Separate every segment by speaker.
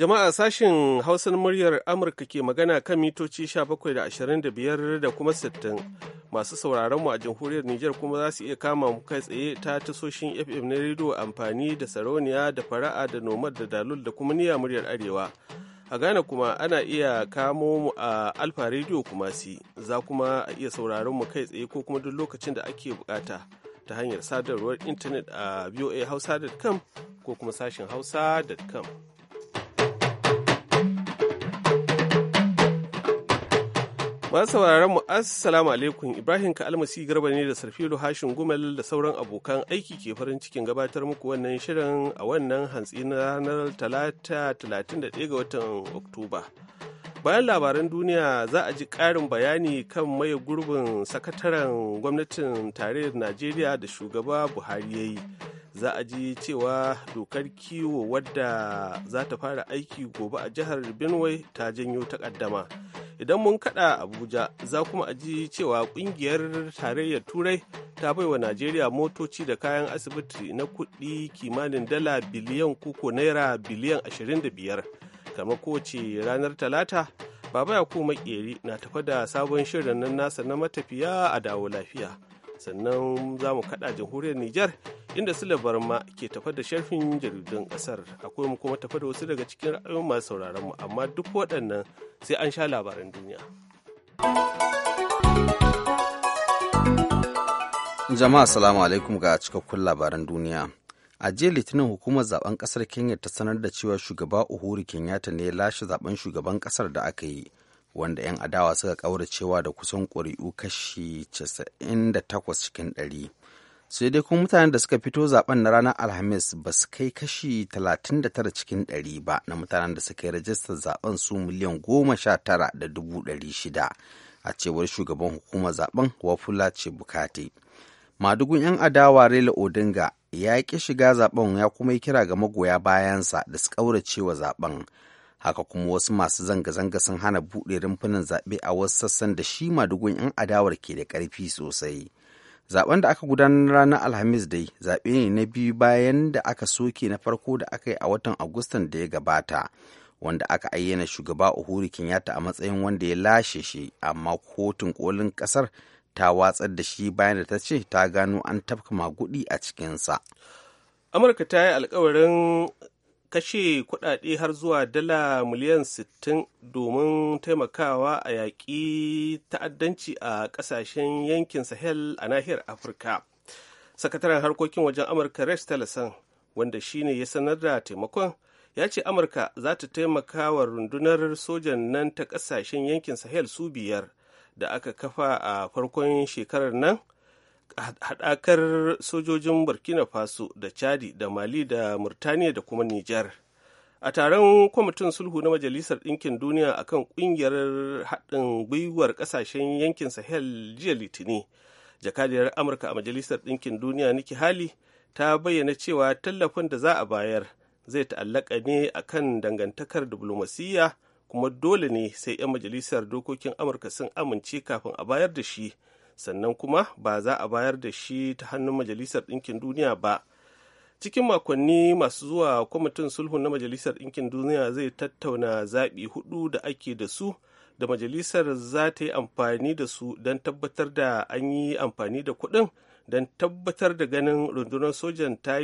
Speaker 1: Jama'a sashen hausan muryar Amurka ke magana kan mitoci 17.25 da kuma 60 masu sauraron mu a jamhuriyar Nijar kuma za su iya kama mu kai tsaye ta tasoshin FM na rediyo amfani da sarauniya da fara'a da nomad da dalul da kuma niya muryar Arewa. A Ghana kuma ana iya kamo mu a Alfa rediyo kuma si za kuma a iya sauraron mu kai tsaye ko kuma duk lokacin da ake bukata ta hanyar sadarwar intanet a voahausa.com ko kuma sashen hausa.com. Masu sauraron mu assalamu alaikum Ibrahim ka almasi garba ne da Sarfilu Hashin Gumal da sauran abokan aiki ke farin cikin gabatar muku wannan shirin a wannan hantsi na ranar talata 31 ga watan Oktoba. Bayan labaran duniya za a ji ƙarin bayani kan maye gurbin sakataren gwamnatin tarayyar Najeriya da shugaba Buhari ya za a ji cewa dokar kiwo wadda za ta fara aiki gobe a jihar benue ta janyo takaddama idan mun kada abuja za kuma a ji cewa kungiyar tarayyar turai ta baiwa najeriya motoci da kayan asibiti na kuɗi kimanin dala biliyan koko naira biliyan 25 kamar kowace ranar talata baba ya kuma makeri na tafa da sabon shirin nasa na matafiya a dawo lafiya sannan za mu kaɗa jamhuriyar Nijar inda Sule Barma ke tafa da sharfin jaridun ƙasar akwai mu kuma tafa da wasu daga cikin ra'ayoyin masu sauraron mu amma duk waɗannan sai an sha labaran duniya.
Speaker 2: Jama'a salamu alaikum ga cikakkun labaran duniya. a jiya litinin hukumar zaben kasar kenya ta sanar da cewa shugaba uhuru kenyatta ne ya lashe zaben shugaban kasar da aka yi wanda 'yan adawa suka ƙauracewa da kusan ƙuri'u kashi 98 cikin 100 sai dai kuma mutanen da suka fito zaben na ranar alhamis ba su kai kashi 39 cikin 100 ba na mutanen da suka yi rajistar zaben su miliyan 19,600 a cewar shugaban hukumar zaben wafula ce bukati madugun 'yan adawa rela odinga ya ƙi shiga zaben ya kuma yi kira ga magoya bayansa da su ƙauracewa zaben haka kuma wasu masu zanga-zanga sun hana buɗe rumfunan zaɓe a wasu sassan da shi madugun 'yan adawar ke da ƙarfi sosai zaɓen da aka gudanar ranar alhamis dai zaɓe ne na biyu bayan da aka soke na farko da aka yi a watan agustan da ya gabata wanda aka ayyana shugaba uhuru kenyatta a matsayin wanda ya lashe shi amma kotun kolin ƙasar ta watsar da shi bayan da ta ce ta gano an tafka magudi a cikinsa
Speaker 1: amurka ta yi alkawarin kashe kuɗaɗe har zuwa dala miliyan 60 domin taimakawa a yaƙi ta'addanci a ƙasashen yankin sahel a nahiyar afirka sakataren harkokin wajen amurka rex tillerson wanda shine ya sanar da taimakon ya ce amurka za ta taimaka wa rundunar sojan nan ta ƙasashen yankin sahel su biyar da aka kafa a farkon shekarar nan haɗakar sojojin burkina faso da chadi da mali da murtaniya da kuma nijar a taron kwamitin sulhu na majalisar ɗinkin duniya akan ƙungiyar haɗin gwiwar ƙasashen yankin sahel jiya litini jakadiyar amurka a majalisar ɗinkin duniya niki hali ta bayyana cewa tallafin da za a bayar zai ta'allaka ne akan dangantakar diflomasiyya kuma dole ne sai 'yan majalisar dokokin amurka sun amince kafin a bayar da shi sannan kuma ba za a bayar da shi ta hannun majalisar ɗinkin duniya ba cikin makonni masu zuwa kwamitin sulhu na majalisar ɗinkin duniya zai tattauna zaɓi hudu da ake da su da majalisar za ta yi amfani da su don tabbatar da an yi amfani da kuɗin don tabbatar da ganin rundunar sojan ta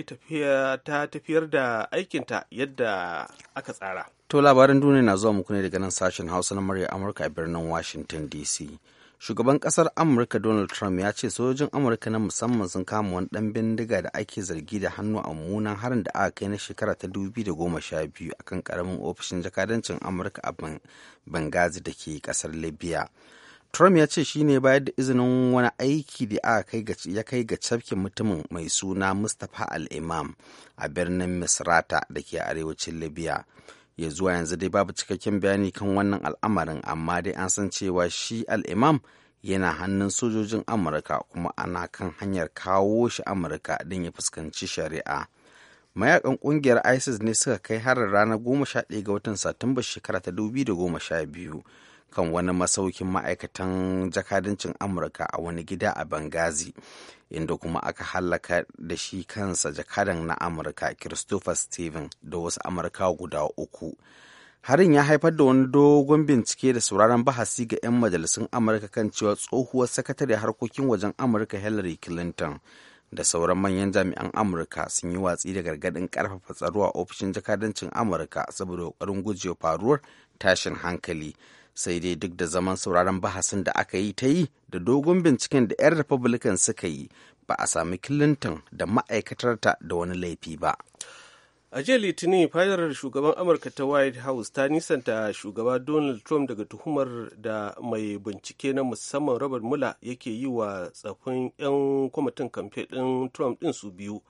Speaker 1: tafiyar da aikinta yadda aka tsara.
Speaker 2: To labarin duniya na zuwa muku ne daga nan sashen Hausa na murya Amurka a birnin Washington DC. shugaban kasar amurka donald trump ya ce sojojin amurka na musamman sun kama wani dan bindiga da ake zargi da hannu a mummunan harin da aka kai na shekara ta 2012 a kan karamin ofishin jakadancin amurka a bangazi da ke kasar libya trump ya ce shi ne bayar da izinin wani aiki da aka ya kai ga cafkin mutumin mai suna mustapha al-imam a birnin misrata da ke arewacin libya ya zuwa yanzu dai babu cikakken bayani kan wannan al'amarin amma dai an san cewa shi al'imam yana hannun sojojin amurka kuma ana kan hanyar kawo shi amurka don ya fuskanci shari'a mayakan kungiyar isis ne suka kai harin ranar 11 ga watan satumba shekara ta 2012 kan wani masaukin ma'aikatan jakadancin amurka a wani gida a bangazi inda kuma aka hallaka da shi kansa jakadan na amurka christopher steven da wasu amurka guda uku harin ya haifar da wani dogon bincike da sauraron bahasi ga 'yan majalisun amurka kan cewa tsohuwar sakatare harkokin wajen amurka hillary clinton da sauran manyan jami'an amurka sun yi watsi da gargadin karfafa tsaro a ofishin jakadancin amurka saboda kokarin gujewa faruwar tashin hankali sai dai duk da zaman sauraron bahasin da aka yi ta yi da dogon binciken da 'yan republican suka yi ba a sami clinton da ma'aikatarta da wani laifi ba
Speaker 1: a jiya litinin fadarar shugaban amurka ta white house ta nisanta shugaba donald trump daga tuhumar da mai bincike na musamman robert mueller yake yi wa tsafin 'yan kwamitin kamfe din trump din su biyu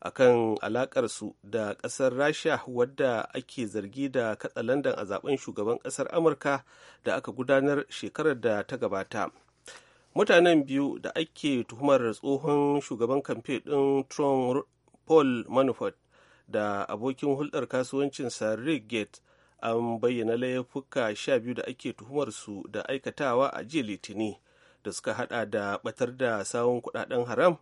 Speaker 1: a kan alakarsu da kasar rasha wadda ake zargi da katsalandan a zaben shugaban kasar amurka da aka gudanar shekarar da ta gabata mutanen biyu da ake tuhumar tsohon shugaban kamfe din trump paul manafort da abokin hulɗar kasuwancin rick gate an bayyana laifuka sha biyu da ake tuhumarsu da aikatawa a jiya litini da suka hada da batar da sawun kudaden haram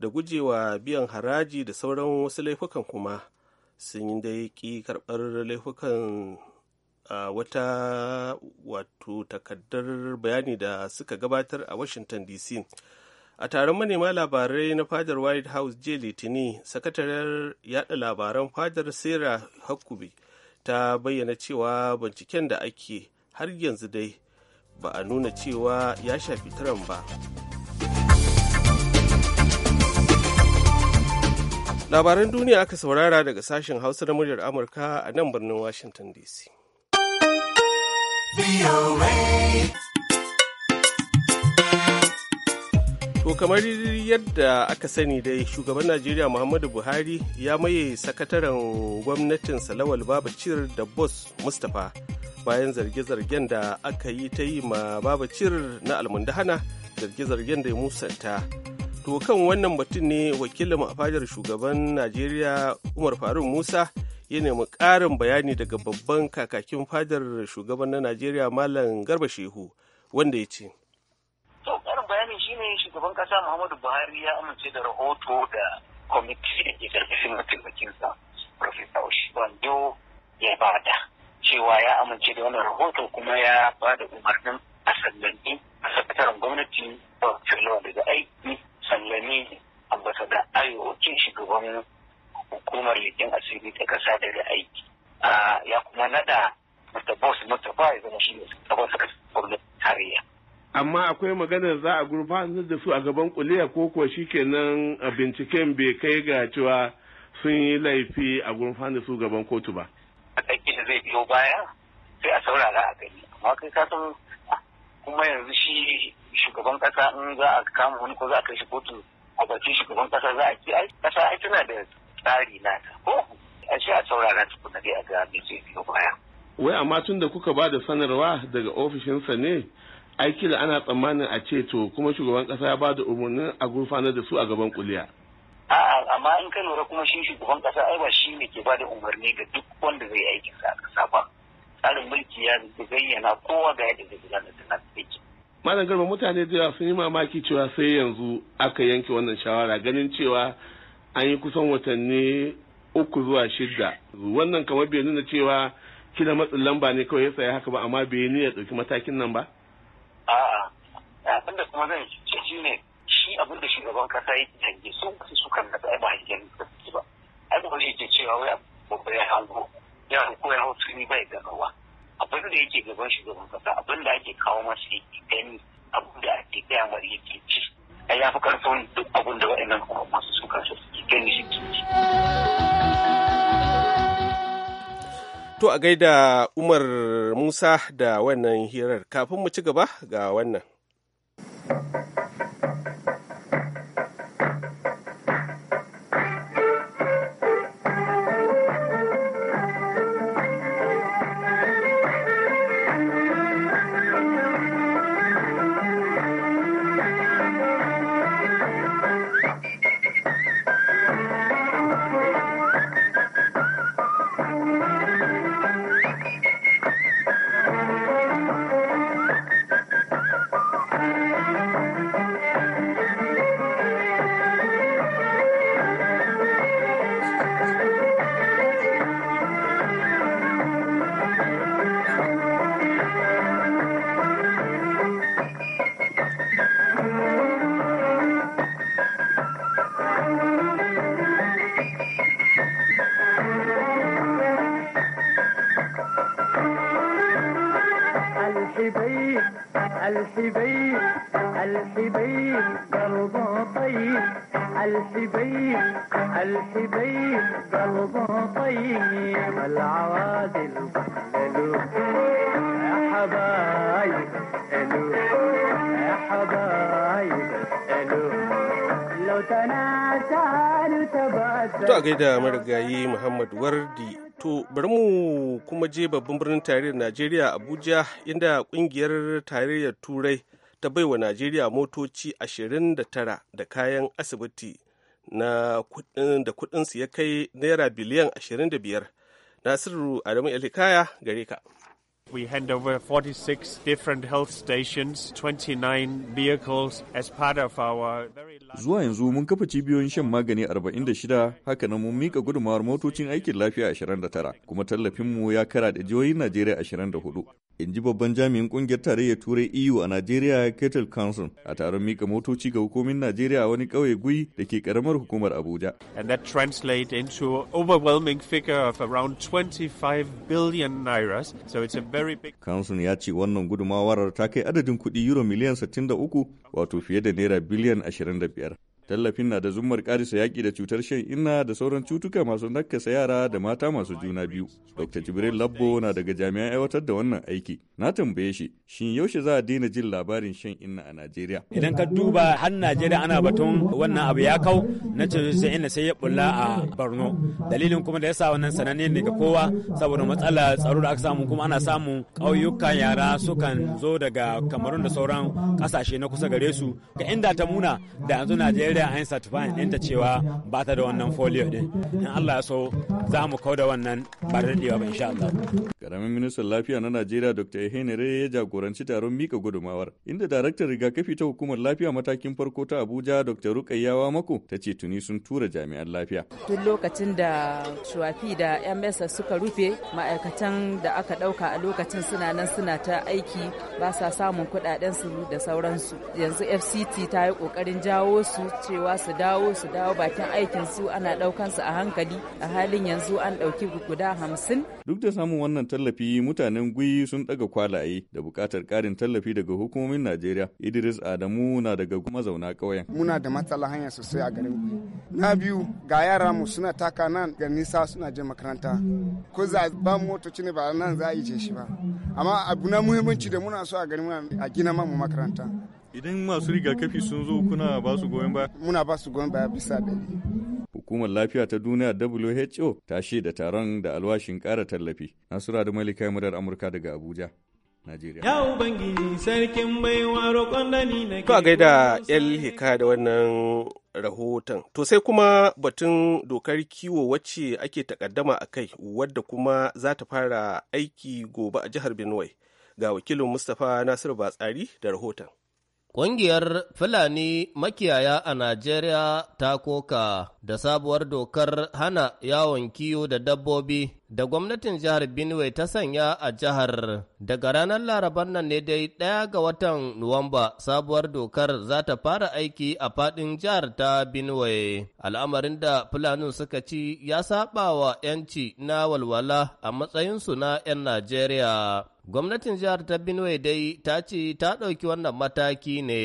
Speaker 1: da gujewa biyan haraji da sauran wasu laifukan kuma sun yi da ki karɓar laifukan a wata wato takaddar bayani da suka gabatar a washington dc a taron manema labarai na fadar white house jiya litini sakatariyar yada labaran fadar sarah hakubi ta bayyana cewa binciken da ake har yanzu dai ba a nuna cewa ya shafi tiran ba labaran duniya aka saurara daga sashen hausa na muryar amurka a nan birnin washington dc To kamar yadda aka sani dai shugaban Najeriya Muhammadu Buhari ya maye sakataren gwamnatin Salawal Babacir da Bos Mustapha bayan zarge-zargen da aka yi ta yi ma Babacir na almundahana zarge-zargen da ya musanta. To kan wannan batun ne wakilin a fadar shugaban Najeriya Umar Faruk Musa ya nemi ƙarin bayani daga babban kakakin fadar shugaban na Najeriya Malam Garba Shehu wanda ya ce.
Speaker 3: To karin bayani shine shugaban ƙasa Muhammadu Buhari ya amince da rahoto da kwamiti da ke karfafin mataimakinsa Profesa Oshibando ya bada cewa ya amince da wannan rahoto kuma ya bada umarnin a sallanni a sakataren gwamnati ba da aiki sallami ambasada ayokin shugaban hukumar leƙen asiri ta ƙasa daga aiki ya kuma nada Mr. Boss Mustapha ya shi ne sabon saka gwamnatin
Speaker 4: Amma akwai maganar za a gurfanar da su a gaban kuliya ko kuwa shikenan binciken bai kai ga cewa sun yi laifi a gurfanar da su gaban kotu ba.
Speaker 3: A ɗaki da zai biyo baya sai a saurara a gani amma kai kasan kuma yanzu shi shugaban kasa in za a kama wani ko za a kai shi kotu a bakin shugaban kasa za a ki kasa ai tana da tsari na ta ko a ce a saurara kuna dai a ga me zai biyo baya
Speaker 4: wai amma tun da kuka ba da sanarwa daga ofishinsa ne aiki da ana tsammanin a ce to kuma shugaban kasa ya ba da umarnin a gurfanar da su a gaban kuliya
Speaker 3: a'a amma in ka lura kuma shi shugaban kasa ai ba shi ne ke ba da umarni ga duk wanda zai aikin sa a kasa ba tsarin mulki ya zayyana kowa ga yadda zai gudanar da nasu
Speaker 4: malam garba mutane da yawa sun yi mamaki cewa sai yanzu aka yanke wannan shawara ganin cewa an yi kusan watanni uku zuwa shidda wannan kamar bai nuna cewa kina matsin lamba ne kawai ya sayi haka ba amma bai ni ya ɗauki matakin nan ba?
Speaker 3: A'a, abin da kuma zan ce shi ne shi abin da shugaban kasa ya tange su su sukan da ba hangen da ba. Ai ba wani ce cewa wai babba ya hango ya hango ya hau tuni bai ganawa. abin da yake gaban shugaban kasa abin da ake kawo masa yake gani abin da ake gaya mara yake ci a ya fi karfin duk abin da waɗannan kuma masu su suke gani ke ci.
Speaker 1: To a gaida Umar Musa da wannan hirar kafin mu ci gaba ga wannan.
Speaker 3: الحبيب الحبيب قلبه طيب الحبيب الحبيب قلبه طيب العوادل الو يا حبايب الو يا حبايب الو لو تنام To a gaida
Speaker 1: marigayi Muhammad Wardi to bari mu kuma je babban birnin tarayyar Najeriya Abuja inda kungiyar tarayyar Turai ta baiwa Najeriya motoci 29 da kayan asibiti na da kudin su ya kai naira biliyan 25. Nasiru Adamu Elikaya gare ka. We hand over 46 different health stations, 29 vehicles as part of our
Speaker 5: Zuwa yanzu mun kafa cibiyoyin shan magani 46 haka nan mun mika gudunmawar motocin aikin lafiya 29 kuma tallafinmu ya kara da jihohin Najeriya 24. in ji babban jami'in kungiyar tarayyar turai eu a najeriya kettle council a taron mika motoci ga hukumin najeriya wani kauye gui da ke karamar hukumar abuja and that translate into overwhelming
Speaker 1: figure of around 25 billion naira so it's a very big
Speaker 5: council ya ce wannan gudumawar ta kai adadin kuɗi euro miliyan 63 wato fiye da naira biliyan 25 Tallafin na da zummar karisa yaƙi da cutar shan inna da sauran cutuka masu nakasa yara da mata masu juna biyu. Dr. Jibril Labbo na daga jami'an aiwatar da wannan aiki. Na tambaye shi, shin yaushe za a daina jin labarin shan inna a Najeriya? Idan ka
Speaker 6: duba har Najeriya ana batun wannan abu ya kau na cutar shan inna sai ya bulla a Borno. Dalilin kuma da ya sa wannan sananne ne ga kowa saboda matsala tsaro da aka samu kuma ana samun ƙauyukan yara sukan zo daga kamarun da sauran kasashe na kusa gare su. ga inda ta muna da
Speaker 5: yanzu Najeriya dole an certifying inda cewa ba ta da wannan folio din in Allah ya so za mu kauda wannan ba da daɗewa ba insha Allah. Karamin ministan lafiya na Najeriya Dr. Henry ya jagoranci taron mika gudumawar inda daraktar rigakafi ta hukumar lafiya matakin farko ta Abuja Dr. Rukayyawa Mako ta ce tuni sun tura jami'an lafiya.
Speaker 7: Tun lokacin da
Speaker 2: shuwafi da 'yan suka rufe ma'aikatan da aka ɗauka a lokacin suna nan suna ta aiki ba sa samun kuɗaɗen da sauransu yanzu FCT ta yi ƙoƙarin jawo su cewa su dawo su dawo bakin aikin su ana ɗaukan su a hankali a halin yanzu an dauki guda hamsin.
Speaker 5: Duk da samun wannan tallafi mutanen gwiwi sun daga kwalaye da buƙatar ƙarin tallafi daga hukumomin Najeriya. Idris Adamu na daga kuma zauna ƙauyen.
Speaker 2: Muna
Speaker 6: da matsala hanya sosai a garin gwiwi. Na biyu ga yara mu suna taka nan ga nisa suna je makaranta. Ko za ba motoci ne ba nan za a yi shi ba. Amma abu na muhimmanci da muna so a garin a gina mamu makaranta.
Speaker 5: idan masu rigakafi sun zo kuna ba su goyon baya muna ba su goyon baya bisa dari hukumar lafiya ta duniya WHO ta da taron da alwashin kara tallafi nasura da malika murar amurka daga abuja Nigeria.
Speaker 8: Ya Ubangiji sarkin baiwa roƙon da ni na Ka
Speaker 5: gaida El Hika da
Speaker 1: wannan rahoton. To sai kuma batun dokar kiwo wacce ake takaddama a kai wadda kuma za ta fara aiki gobe a jihar Benue. Ga wakilin Mustapha Nasiru Batsari da rahoton.
Speaker 9: Ƙungiyar Fulani makiyaya a Najeriya ta koka da sabuwar dokar hana yawon kiyo da dabbobi da gwamnatin jihar Benue ta sanya a jihar. Daga ranar laraban nan ne dai ɗaya ga watan Nuwamba sabuwar dokar za ta fara aiki a faɗin jihar ta Benue. Al'amarin da Fulanin suka ci ya saɓa wa ‘yanci na walwala a matsayinsu na ‘yan Najeriya. Gwamnatin jihar ta Benue dai ta ce ta ɗauki wannan mataki ne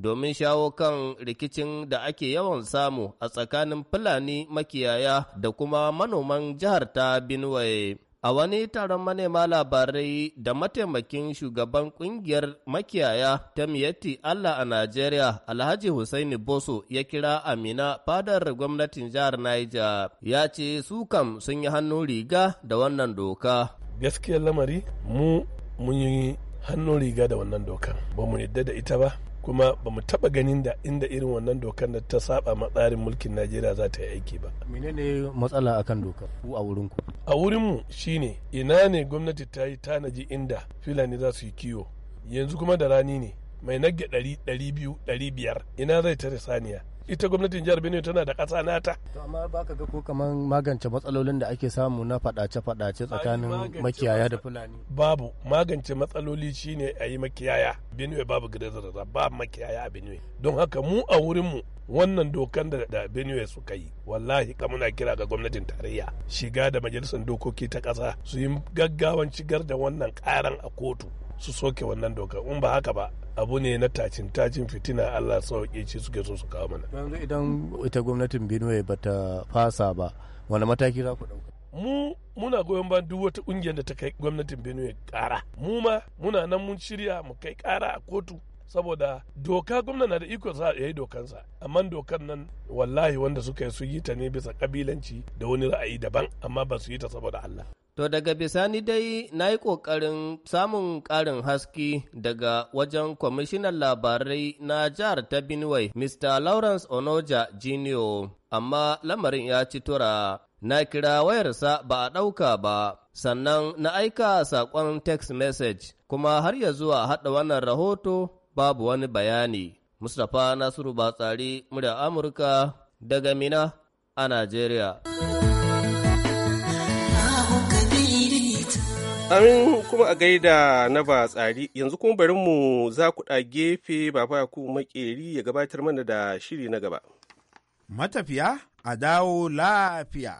Speaker 9: domin shawo kan rikicin da ake yawan samu a tsakanin Fulani makiyaya da kuma manoman jihar ta Benue. A wani taron manema labarai da mataimakin shugaban ƙungiyar makiyaya ta miyatti Allah a Najeriya, Alhaji Hussaini Boso ya kira Amina fadar gwamnatin jihar Niger ya ce su kam sun yi hannun riga da wannan doka. gaskiyar lamari mu mun yi
Speaker 10: hannun riga da wannan dokan ba mu yadda da ita ba kuma ba mu taba ganin da inda irin wannan dokan da ta saba ma tsarin mulkin najeriya za ta yi aiki ba
Speaker 9: menene matsala akan dokar
Speaker 10: ku a wurin a wurin mu shine ina ne gwamnati ta yi tanaji inda filani za su yi kiwo yanzu kuma da rani ne mai nagge ɗari ɗari biyu ɗari biyar ina zai tare saniya ita gwamnatin jihar benue tana da ƙasa nata to
Speaker 9: amma baka ga ko kaman magance matsalolin da ake samu na fadace-fadace tsakanin makiyaya da fulani
Speaker 10: babu magance matsaloli shine a yi makiyaya benue babu gidan ba makiyaya a benue
Speaker 9: don haka mu a wurin
Speaker 10: mu. wannan dokan da da benue suka yi wallahi ka muna kira ga gwamnatin tarayya shiga da majalisar dokoki ta ƙasa su yi gaggawan shigar da wannan karan a kotu su soke wannan doka in ba haka ba abu ne na tacin tacin fitina Allah sauke shi suke so su
Speaker 9: kawo mana yanzu idan ita gwamnatin Benue ta fasa ba wani mataki za ku dauka
Speaker 10: mu muna goyon ban duk wata kungiyar da ta kai gwamnatin Benue kara mu ma muna nan mun shirya mu kai kara a kotu saboda doka gwamna na da iko sa ya yi dokansa amma dokan nan wallahi wanda suka yi su yi ta ne bisa kabilanci da wani ra'ayi daban amma ba su yi ta saboda Allah
Speaker 9: To daga bisani dai na yi ƙoƙarin samun ƙarin haske daga wajen kwamishinan labarai na jihar ta Benue, Mr. Lawrence Onoja Jr. Amma lamarin ya ci tura, na kira wayarsa ba a ɗauka ba, sannan na aika saƙon text message, kuma har ya zuwa haɗa wannan rahoto babu wani bayani. Mustapha Nasiru Batsari, murya Amurka, daga Mina a Najeriya. Amin kuma a gaida na ba tsari
Speaker 1: yanzu kuma bari mu za ku ɗa gefe baba ku makeri ya gabatar mana da shiri
Speaker 6: na gaba. Matafiya a dawo lafiya.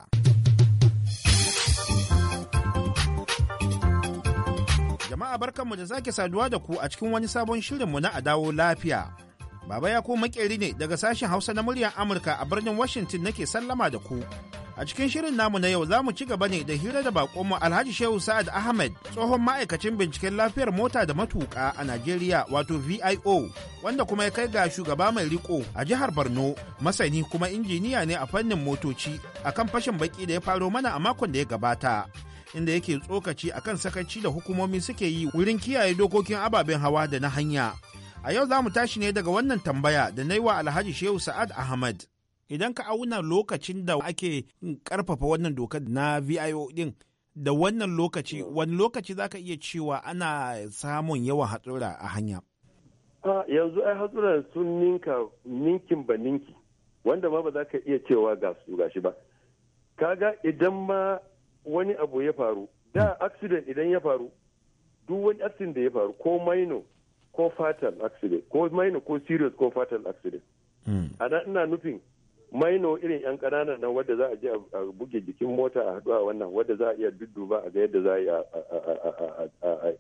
Speaker 6: Jama'a barkanmu da sake saduwa da ku a cikin wani sabon shirinmu na a dawo lafiya. Baba ya ko makeri ne daga sashen Hausa na muryar Amurka a birnin Washington nake sallama da ku. A cikin shirin namu na yau za mu ci gaba ne da hira da bakonmu Alhaji Shehu Sa'ad Ahmed tsohon ma'aikacin binciken lafiyar mota da matuƙa a Najeriya wato VIO wanda kuma ya kai ga shugaba mai riko a jihar Borno masani kuma injiniya ne a fannin motoci akan fashin baki da ya faro mana a makon da ya gabata. inda yake tsokaci akan sakaci da hukumomi suke yi wurin kiyaye dokokin ababen hawa da na hanya A yau za mu tashi ne daga wannan tambaya da na yi wa Alhaji Shehu Sa'ad Ahmad. Idan ka auna lokacin da ake karfafa wannan dokar na VIO din da wannan lokaci, wani lokaci za ka iya cewa ana samun yawan hatsura a hanya?
Speaker 7: Yanzu ai hatsuran sun ninka ninkin ba ninki, wanda ma ba za ka iya cewa ga su gashi ba. Kaga idan ma wani abu ya faru, da accident idan ya faru, duk wani accident da ya faru ko maino ko fatal accident ko maino ko serious ko fatal accident hmm. ana ina nufin maino irin yan kananan nan wadda za a je a buge jikin mota a haɗu a wannan wadda za a iya dudduba a ga yadda za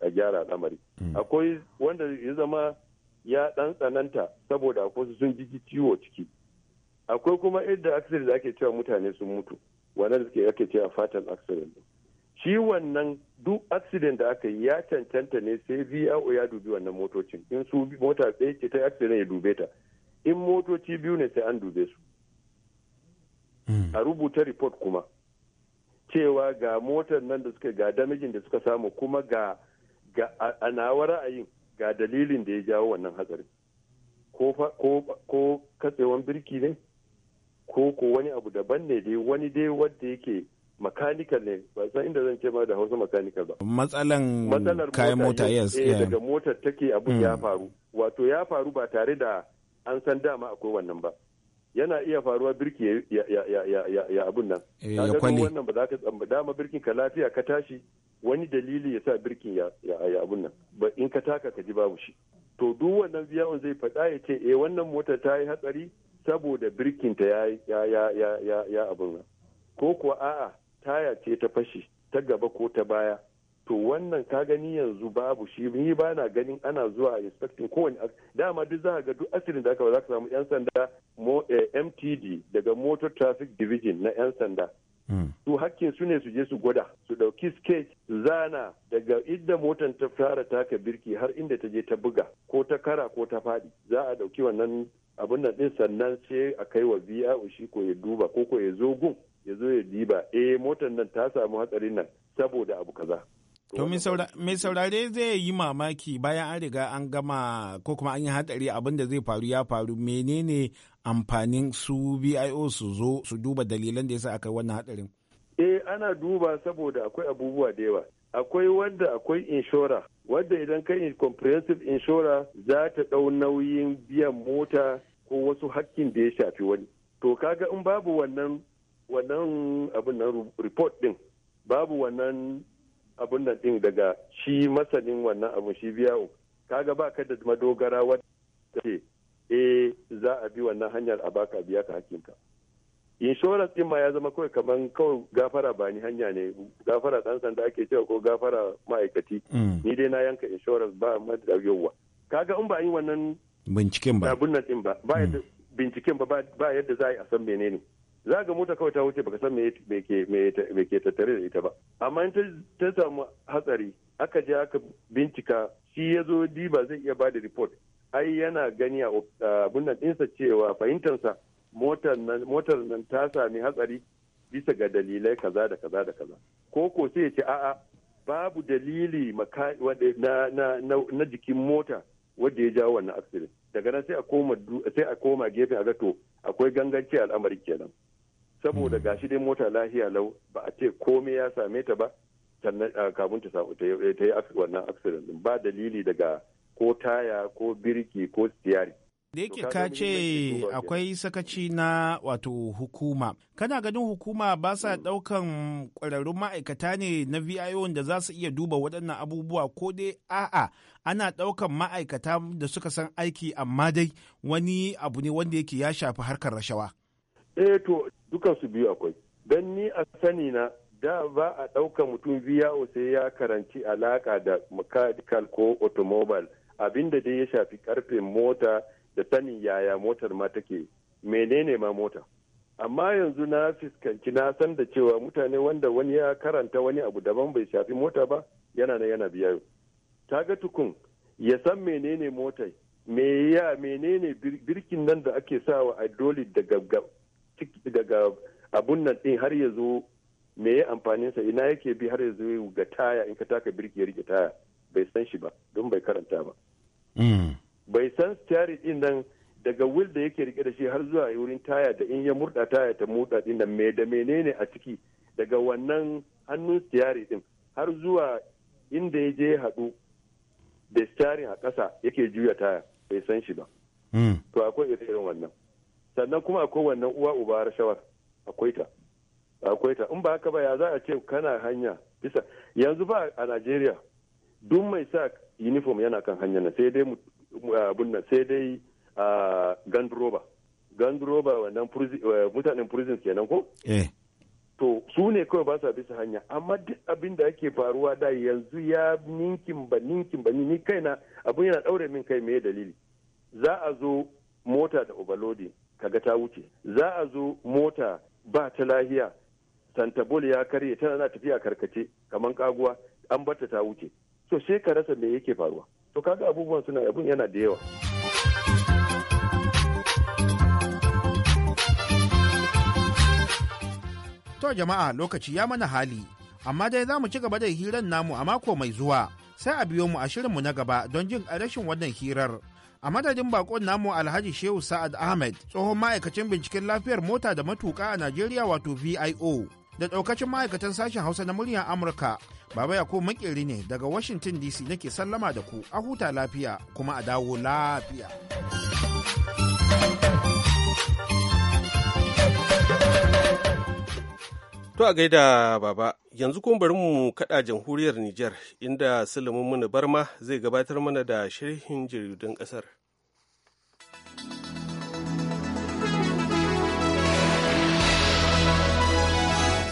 Speaker 7: a gyara al'amari hmm. akwai wanda ya zama ya ɗan tsananta saboda akwai sun ji ciwo ciki akwai kuma yadda accident ake cewa mutane sun mutu wannan da suke ake cewa fatal accident ciwon nan duk accident da aka yi ya cancanta ne sai VRO ya dubi wannan motocin in su mota tsaye ce ta accident ya dube ta in motoci biyu ne sai an dube su hmm. a rubuta report kuma cewa ga motar nan da suka ga damijin da suka samu kuma ga a ra'ayin ga dalilin da ya jawo wannan hatsari ko katsewan birki ne ko ko wani abu daban ne dai wani dai wadda yake mechanical ne ba san inda zan ce ma da hausa mechanical ba
Speaker 6: matsalan kayan mota yes eh, daga
Speaker 7: motar take abun ya hmm. faru wato ya faru ba tare da an san dama akwai wannan ba yana iya faruwa birki ya abun nan
Speaker 5: eh, ya kwale wannan
Speaker 7: ba za ka dama birkin ka lafiya ka tashi wani dalili ya sa birkin ya abun nan ba in ka taka ka ji babu shi to duk wannan biyawan zai faɗa ya ce eh wannan mota ta yi hatsari saboda birkin ta ya ya ya ya abun nan ko kuwa a'a taya ce ta fashe ta gaba ko ta baya to wannan ka gani yanzu babu shi ni ba na ganin ana zuwa inspecting kowane dama duk za ga duk asirin da aka za ka samu yan sanda mtd eh, daga motor traffic division na yan sanda su hmm. hakkin su ne su je su gwada su dauki sketch zana daga inda motar ta fara taka birki har inda ta je ta buga ko ta kara ko ta faɗi za a dauki wannan abin nan din sannan sai a kai wa biya shi ko ya duba ko ko ya zo gun ya zo ya diba eh motar nan ta samu hatsari nan saboda abu kaza To mai saurare
Speaker 6: zai yi mamaki bayan an riga an gama ko kuma an yi hatsari abin da zai faru ya faru menene amfanin su BIO su zo su duba dalilan da yasa aka yi wannan hatsarin?
Speaker 7: Eh ana duba saboda akwai abubuwa da yawa. Akwai wanda akwai inshora wanda idan kai yi comprehensive inshora za ta ɗau nauyin biyan mota ko wasu hakkin da ya shafi wani. To kaga in babu wannan wannan abin nan report din babu wannan abin nan din daga shi masanin wannan abu shi biya kaga ba ka da madogara wadda ce eh za a bi wannan hanyar a baka biya ka hakinka insurance din ma ya zama kawai kamar kawai gafara ba ni hanya ne gafara dan sanda ake cewa ko gafara ma'aikati mm. ni dai na yanka insurance ba ma da yawa kaga in ba yi wannan
Speaker 6: binciken ba
Speaker 7: abun nan din ba ba mm. binciken ba ba yadda za a yi a san menene za ga mota kawai ta wuce baka san me ke tattare da ita ba amma in ta samu hatsari aka je aka bincika shi ya zo diba zai iya ba da report ai yana gani a abin nan ɗinsa cewa fahimtarsa motar nan ta sami hatsari bisa ga dalilai kaza da kaza da kaza ko ko sai ya ce a'a babu dalili na jikin mota wanda ya jawo wannan accident daga nan sai a koma gefe a ga to akwai ganganci al'amari kenan saboda hmm. gashi dai mota lahiya lau ba a ce komai ya same ta ba sannan ah, kafin ta yi wannan accident ba dalili daga ko taya ko birki ko siyari da yake ka ce akwai
Speaker 6: sakaci na wato hukuma kana ganin hukuma ba sa daukan hmm. kwararrun ma'aikata ne na vio da za su iya duba waɗannan abubuwa ko dai a'a ana daukan ma'aikata da suka san aiki amma dai wani abu ne wanda yake ya shafi harkar rashawa
Speaker 7: eh to dukansu biyu akwai don ni a sani na da ba a ɗauka mutum o sai ya karanci alaƙa da mechanical ko automobile abinda dai ya shafi karfe mota da sanin yaya motar ma take menene ma mota amma yanzu na fiskanci na san da cewa mutane wanda wani ya karanta wani abu daban bai shafi mota ba yana na yana biya ta ga tukun ya san menene mota me ya menene birkin nan da ake sawa a dole daga daga abun nan din har ya zo me ya amfanin sa ina yake bi har ya zo ga taya in ka taka birki ya rike taya bai san shi ba don bai karanta ba hmm. bai san steering din nan daga wil da yake rike da shi har zuwa wurin taya da in ya murda taya ta murda din nan me da menene a ciki daga wannan hannun steering din har zuwa inda ya je haɗu da steering a ƙasa yake juya taya bai san shi ba hmm. to akwai irin wannan sannan kuma akwai wannan uwa uba rashawar akwai ta akwai ta in ba haka ba ya za a ce kana hanya bisa yanzu ba a Najeriya duk mai sa uniform yana kan hanya na sai dai abun nan sai dai gandroba gandroba wannan eh, mutanen prison kenan ko eh. to su ne kawai ba sa bisa hanya amma duk abin da yake faruwa da yanzu ya ninkin ba ninkin ba ni kaina abun yana daure min kai me dalili za a zo mota da overloading kaga ta wuce za a zo mota ba ta lahiya santabol ya karye tana na tafiya karkace kamar kaguwa an barta ta wuce to sai ka rasa me yake faruwa to kaga abubuwan suna abun yana da yawa
Speaker 6: to jama'a lokaci ya mana hali amma dai za mu ci gaba da hirar namu a mako mai zuwa sai a biyo mu a shirinmu na gaba don jin rashin wannan hirar. A madadin bakon namu Alhaji Shehu Sa'ad Ahmed, tsohon ma'aikacin binciken lafiyar mota da matuka a Najeriya wato VIO, da ɗaukacin ma'aikatan sashen Hausa na muryar Amurka. Baba Yako makeri ne daga Washington DC nake sallama da ku, a huta lafiya kuma a dawo lafiya.
Speaker 1: To a gaida baba, yanzu kuma bari mu kaɗa jamhuriyar Nijar inda Sulaiman Muni Barma zai gabatar mana da sharhin jaridun ƙasar.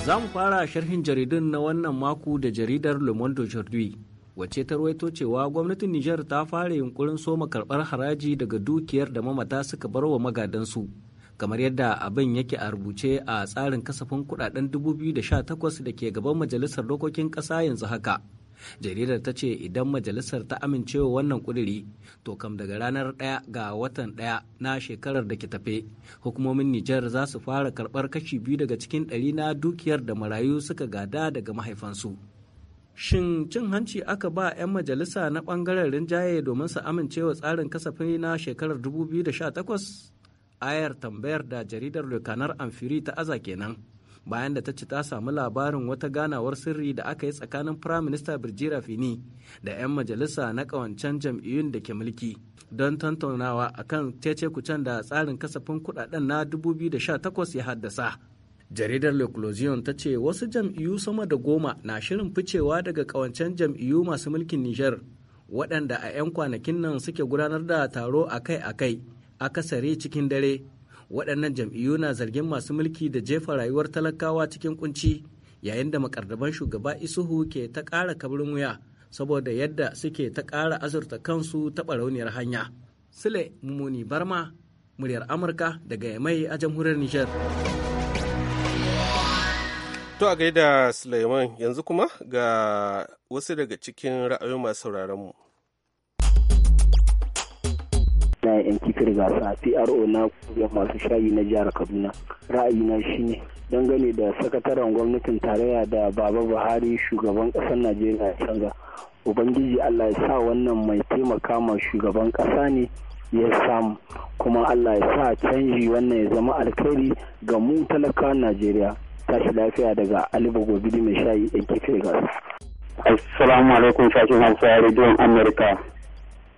Speaker 8: zamu fara sharhin jaridun na wannan mako da jaridar Le Monde Aujourd'hui. wacce ta rawaito cewa gwamnatin Nijar ta fara yunkurin soma karɓar haraji daga dukiyar da mamata suka bar wa magadansu kamar yadda abin yake a rubuce a tsarin kasafin kudaden 2018 da ke gaban majalisar dokokin kasa yanzu haka jaridar ta ce idan majalisar ta amincewa wannan kuduri to kam daga ranar 1 ga watan 1 na shekarar da ke tafe hukumomin nijar za su fara karbar kashi biyu daga cikin ɗari na dukiyar da marayu suka gada daga mahaifansu shin cin hanci aka ba 'yan majalisa na bangaren rinjaye domin su amincewa tsarin kasafi na shekarar 2018 ayar tambayar da jaridar lokanar amfiri ta aza kenan bayan da ta ci ta samu labarin wata ganawar sirri da aka yi tsakanin Firaminista Birjira Fini da 'yan majalisa na ƙawancen jam'iyyun da ke mulki don tantaunawa akan tece kucen da tsarin kasafin kudaden na 2018 ya haddasa. Jaridar L'Eclosion ta ce wasu jam'iyyu sama da goma na shirin ficewa daga ƙawancen jam'iyyu masu mulkin Niger, waɗanda a 'yan kwanakin nan suke gudanar da taro akai-akai. akasare cikin dare waɗannan jam'iyyu na zargin masu mulki da jefa rayuwar talakawa cikin kunci yayin da makardaban shugaba isuhu ke ta ƙara kabarin wuya saboda yadda suke ta ƙara azurta kansu ta ɓarauniyar hanya sule mummuni barma muryar amurka daga yamai a jamhuriyar nijar to a gaida
Speaker 1: suleiman yanzu kuma ga wasu daga cikin ra'ayoyin masu sauraron
Speaker 8: yan kifir gasa pro na kungiyar masu shayi na jihar kaduna ra'ayina ne dangane da sakataren gwamnatin tarayya da baba buhari shugaban ƙasar najeriya canza ubangiji allah ya sa wannan mai taimaka ma shugaban ƙasa ne ya samu kuma allah ya sa canji wannan ya zama alkhairi ga mu talaka najeriya tashi lafiya daga alibu gobe mai
Speaker 3: shayi yan kifir gasa assalamu alaikum sashen hausa rediyon amurka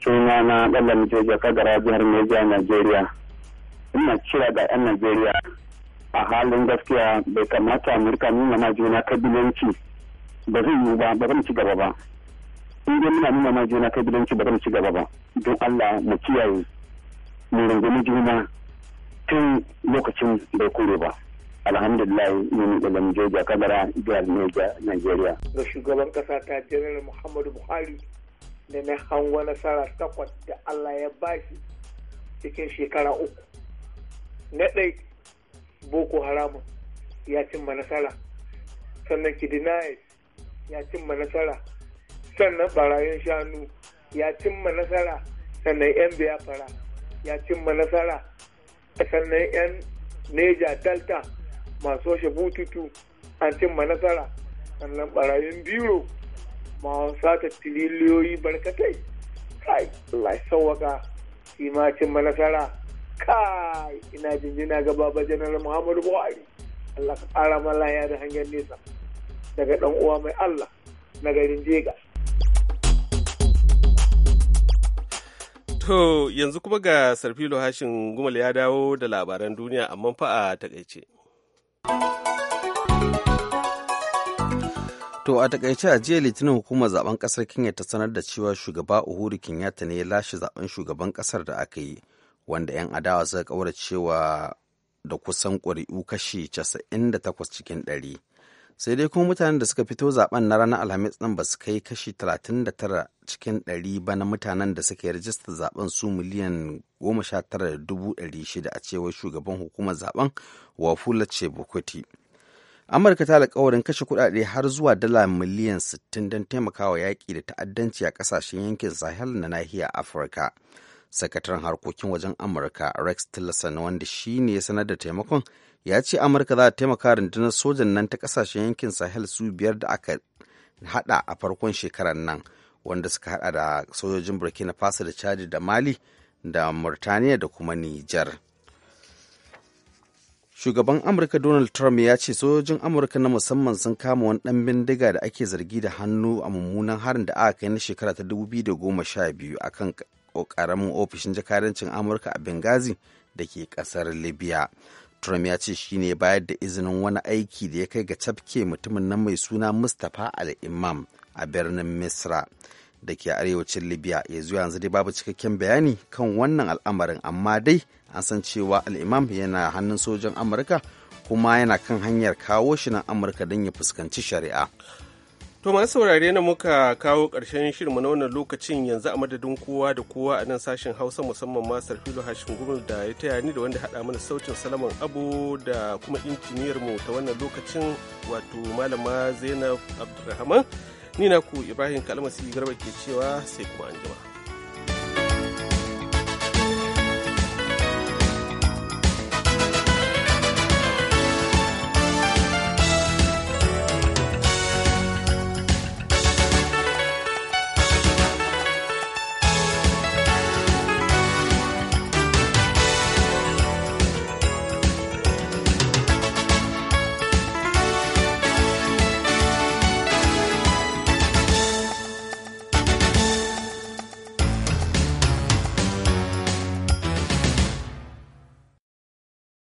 Speaker 3: suna na ɗalla mijoja kagara jihar Neja Najeriya. Ina cewa ga 'yan Najeriya a halin gaskiya bai kamata Amurka nuna ma juna kabilanci ba zai yiwu ba ba zan ci gaba ba. In dai muna nuna ma juna kabilanci ba zan ci gaba ba don Allah mu kiyaye mu rungumi juna tun lokacin bai kure ba. alhamdulillah mun da lamjoja Kagara, jihar Neja, Nigeria.
Speaker 6: Ga shugaban kasa ta Janar Muhammadu Buhari da na hango nasara takwas da Allah ya bashi cikin shekara uku. Na ɗai Boko Haramun ya cimma nasara, sannan Kidinai ya cimma nasara, sannan barayin shanu ya cimma nasara, sannan 'yan biyafara ya cimma nasara, sannan
Speaker 7: 'yan Neja Delta masu washe bututu an cimma nasara, sannan barayin biro masu sata tiriliyoyi barkatai
Speaker 6: kai Allah sauwaka shi ma cin manasara kai ina jinjina ga baba janar muhammadu buhari Allah ka ƙara malaya da hanyar nesa daga ɗan uwa mai Allah na garin Jega.
Speaker 1: To yanzu kuma ga Sarfilo Hashin Gumal ya dawo da labaran duniya amma fa a takaice.
Speaker 2: To a takaice a jiya litinin hukumar zaben kasar Kenya ta sanar da cewa shugaba Uhuru Kenyatta ne ya lashe zaben shugaban kasar da aka yi wanda 'yan adawa suka kaura cewa da kusan kuri'u kashi 98 cikin 100. Sai dai kuma mutanen da suka fito zaben na ranar Alhamis ɗin ba su kai kashi 39 cikin 100 ba na mutanen da suka yi rajistar zaben su miliyan 19,600 a cewar shugaban hukumar zaben Wafula Chebukati. amurka ta alkawarin kashe kudade har zuwa dala miliyan 60 don taimakawa yaƙi da ta'addanci a ƙasashen yankin sahel na nahiyar afirka sakataren harkokin wajen amurka rex tillerson wanda shi ne ya sanar da taimakon ya ce amurka za ta taimaka rundunar sojan nan ta ƙasashen yankin sahel su biyar da aka hada a farkon shekarar nan wanda suka hada da sojojin burkina faso da chadi da mali da murtaniya da kuma nijar. shugaban amurka donald trump ya ce sojojin amurka na musamman sun kama wani dan bindiga da ake zargi da hannu a mummunan harin da aka kai na shekara ta 2012 a kan karamin ofishin jakadancin amurka a benghazi da ke kasar libya trump ya ce shine bayar da izinin wani aiki da ya kai ga cafke mutumin nan mai suna mustapha al-imam a birnin misra da ke arewacin libya ya zuwa yanzu dai babu cikakken bayani kan wannan al'amarin amma dai an san cewa al'imam yana hannun sojan amurka kuma yana kan hanyar kawo shi nan amurka don ya fuskanci shari'a
Speaker 1: to masu saurare na muka kawo ƙarshen shirin na wannan lokacin yanzu a madadin kowa da kowa a nan sashen hausa musamman ma sarfilo hashin gumul da ya taya ni da wanda haɗa mana sautin salaman abu da kuma injiniyar mu ta wannan lokacin wato malama zainab abdulrahman ni na ku ibrahim kalmasi garba ke cewa sai kuma anjima.